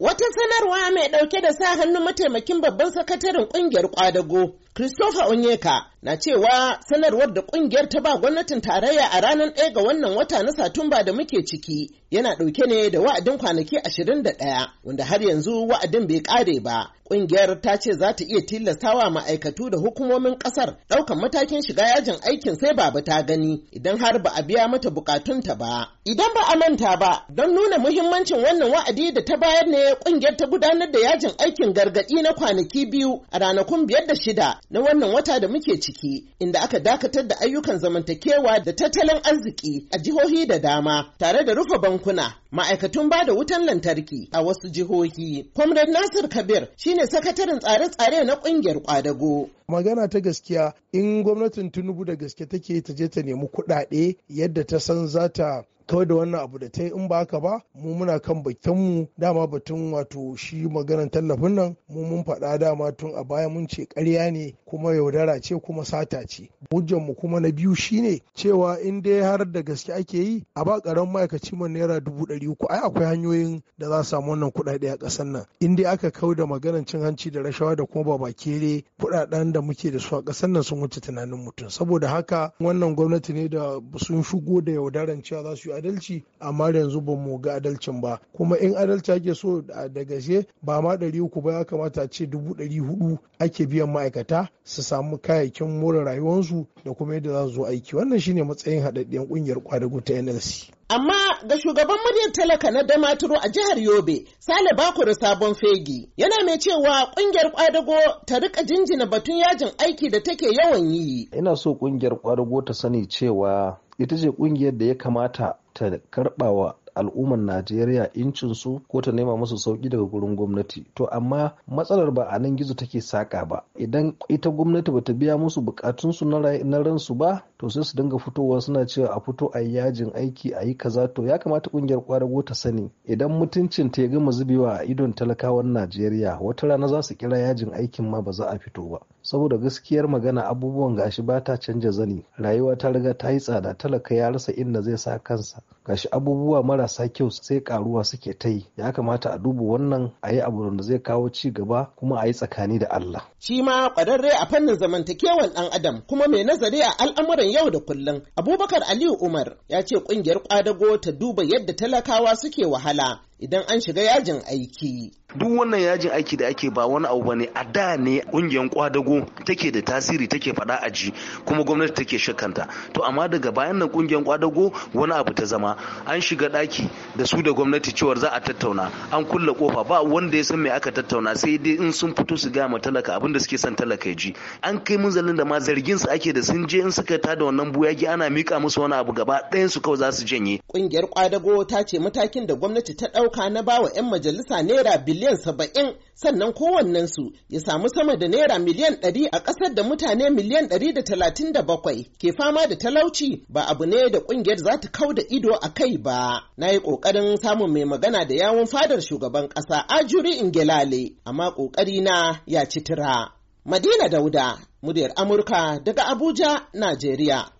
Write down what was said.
Wata sanarwa mai ɗauke da sa hannu mataimakin babban sakataren ƙungiyar kwadago Christopher Onyeka, na cewa sanarwar da kungiyar ta ba gwamnatin tarayya a ranar 1 ga wannan wata na satumba da muke ciki yana ɗauke ne da wa'adin kwanaki 21 wanda har yanzu wa'adin bai ƙare ba kungiyar ta ce za ta iya wa ma'aikatu da hukumomin ƙasar ɗaukan matakin shiga yajin aikin sai baba ta gani idan har ba a biya mata bukatunta ba idan ba a manta ba don nuna muhimmancin wannan wa'adi da ta bayar ne kungiyar ta gudanar da yajin aikin gargaɗi na kwanaki biyu a ranakun biyar da shida na wannan wata da muke ciki ciki inda aka dakatar da ayyukan zamantakewa da tattalin arziki a jihohi da dama tare da rufe bankuna ma'aikatun ba da wutan lantarki a wasu jihohi. Comrade Nasir Kabir shine sakataren tsare-tsare na kungiyar kwadago. Magana ta gaskiya in gwamnatin Tinubu da gaske take ta je ta nemi kuɗaɗe yadda ta san za ta kawai da wannan abu da ta yi in ba haka ba mu muna kan mu. dama batun wato shi maganar tallafin nan mu mun faɗa dama tun a baya mun ce ƙarya ne kuma yaudara ce kuma sata ce mu kuma na biyu shine cewa in dai har da gaske ake yi a ba ƙaramin ma'aikaci man naira dubu ɗari uku ai akwai hanyoyin da za su samu wannan kuɗaɗe a ƙasar nan in dai aka kau da maganar cin hanci da rashawa da kuma babakere kuɗaɗen da muke da su a ƙasar nan sun wuce tunanin mutum saboda haka wannan gwamnati ne da sun shigo da yaudaran cewa za su yi adalci amma yanzu ba mu ga adalcin ba kuma in adalci ake so da gashe ba ma ɗari uku ba ya kamata ce dubu ɗari hudu ake biyan ma'aikata su samu kayayyakin more rayuwarsu da kuma yadda za su zo aiki wannan shine matsayin haɗaɗɗiyar ƙungiyar kwadago ta nlc amma ga shugaban muryar talaka na damaturu a jihar yobe sale bakuru sabon fegi yana mai cewa ƙungiyar kwadago ta rika jinjina batun yajin aiki da take yawan yi ina so ƙungiyar kwadago ta sani cewa ita ce ƙungiyar da ya kamata ta karbawa al'ummar najeriya incin su ko ta nema musu sauki daga gurin gwamnati to amma matsalar ba a nan gizo take saka ba idan ita gwamnati bata biya musu bukatunsu na ransu ba to sai su dinga fitowa suna cewa a fito a yi yajin aiki a yi kaza to ya kamata kungiyar kwadago ta sani idan mutuncin ta ya gama zubewa a idon talakawan najeriya wata rana za su kira yajin aikin ma ba za a fito ba saboda gaskiyar magana abubuwan gashi ba ta canja zani rayuwa ta riga ta yi tsada talaka ya rasa inda zai sa kansa gashi abubuwa marasa kyau sai karuwa suke ta yi ya kamata a dubu wannan a yi abu da zai kawo ci gaba kuma a yi tsakani da Allah. Shi ma kwararre a fannin zamantakewan ɗan adam kuma mai nazari a al'amuran yau da kullum Abubakar Aliyu Umar ya ce ƙungiyar ƙwadago ta duba yadda talakawa suke wahala idan an shiga yajin aiki. Duk wannan yajin aiki da ake ba wani abu bane a da ne ƙungiyar kwadago take da tasiri take faɗa a ji kuma gwamnati take shakanta. To amma daga bayan nan ƙungiyar kwadago wani abu ta zama an shiga ɗaki da su da gwamnati cewar za a tattauna an kulle kofa ba wanda ya san me aka tattauna sai dai in sun fito su gaya ma talaka abin da suke son talaka ya ji. An kai munzalin da ma zargin su ake da sun je in suka tada wannan buyagi ana mika musu wani abu gaba ɗayan su kawai za su janye. Ƙungiyar kwadago ta ce matakin da gwamnati ta ɗau ɗauka na bawa 'yan majalisa naira biliyan saba'in sannan kowannensu ya samu sama da naira miliyan ɗari a ƙasar da mutane miliyan ɗari da talatin da bakwai ke fama da talauci ba abu ne da ƙungiyar za ta kau da ido a kai ba. Na yi ƙoƙarin samun mai magana da yawun fadar shugaban ƙasa Ajuri Ingelale amma ƙoƙari na ya ci tira. Madina Dauda, muryar Amurka daga Abuja, Najeriya.